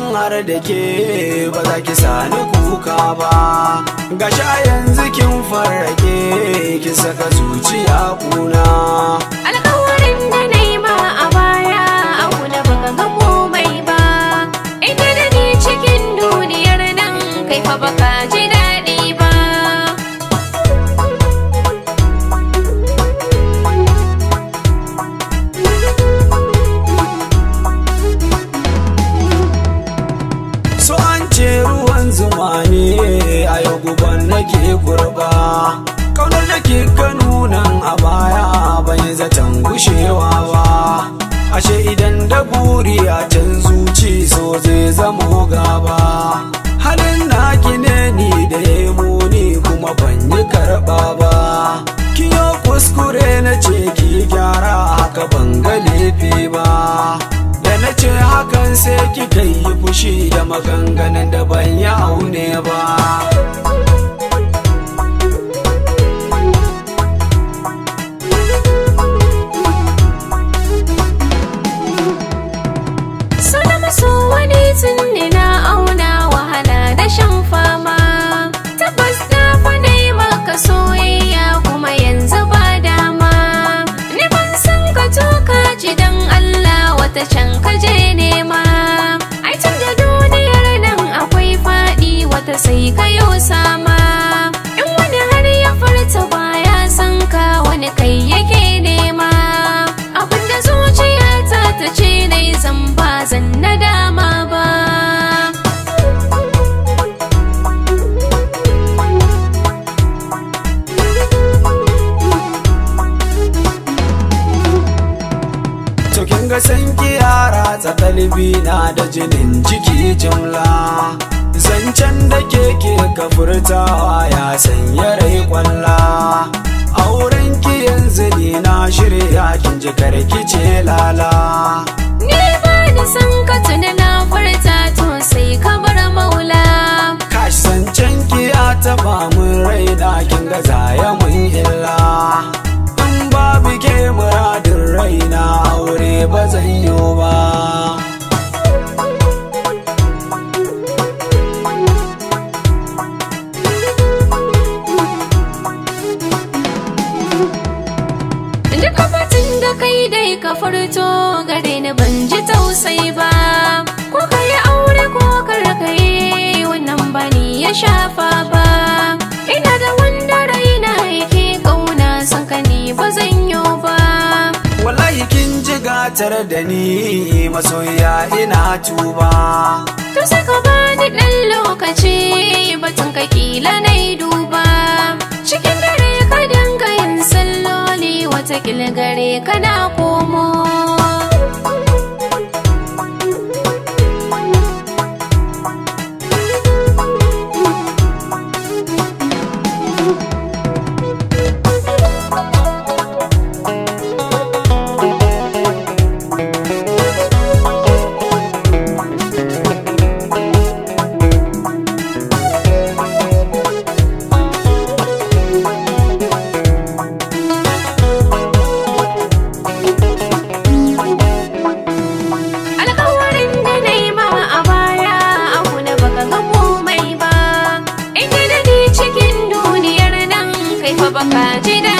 idan har da ke ba za ki sani kuka ba ga a yanzu kin farrake ki saka zuciya kuna ke gurba kaunar da ke nan a baya bai zaton gushewa ba ashe idan da buri a can zuci so zai zamo gaba halin na ne ni da ya muni kuma ban yi karɓa ba kiyo kuskure na ce ki gyara haka ban ga laifi ba da na ce hakan sai ki yi fushi da maganganun da ban yi aune ba ga san kiyara ta kalbi na da jinin jiki jimla zancen da ke ka furtawa ya sanya rai kwalla auren ki yanzu ne na shirya kin ji karki ce lala ni ba ni san ka tuni na furta to sai ka bar maula kash zancen ki ya ba mun rai da kin ga zaya duk batun da kai dai ka furto ga ni ban ji tausayi ba ko ka aure ko kar ka wannan ba ni ya shafa ba ina da wanda raina yake kauna san ka ni ba zan yi ba wallahi kin ji gatar da ni masoya ina tuba to sai ka bani dan lokaci batun ka kila na duba wata gare kana komo 我看记得。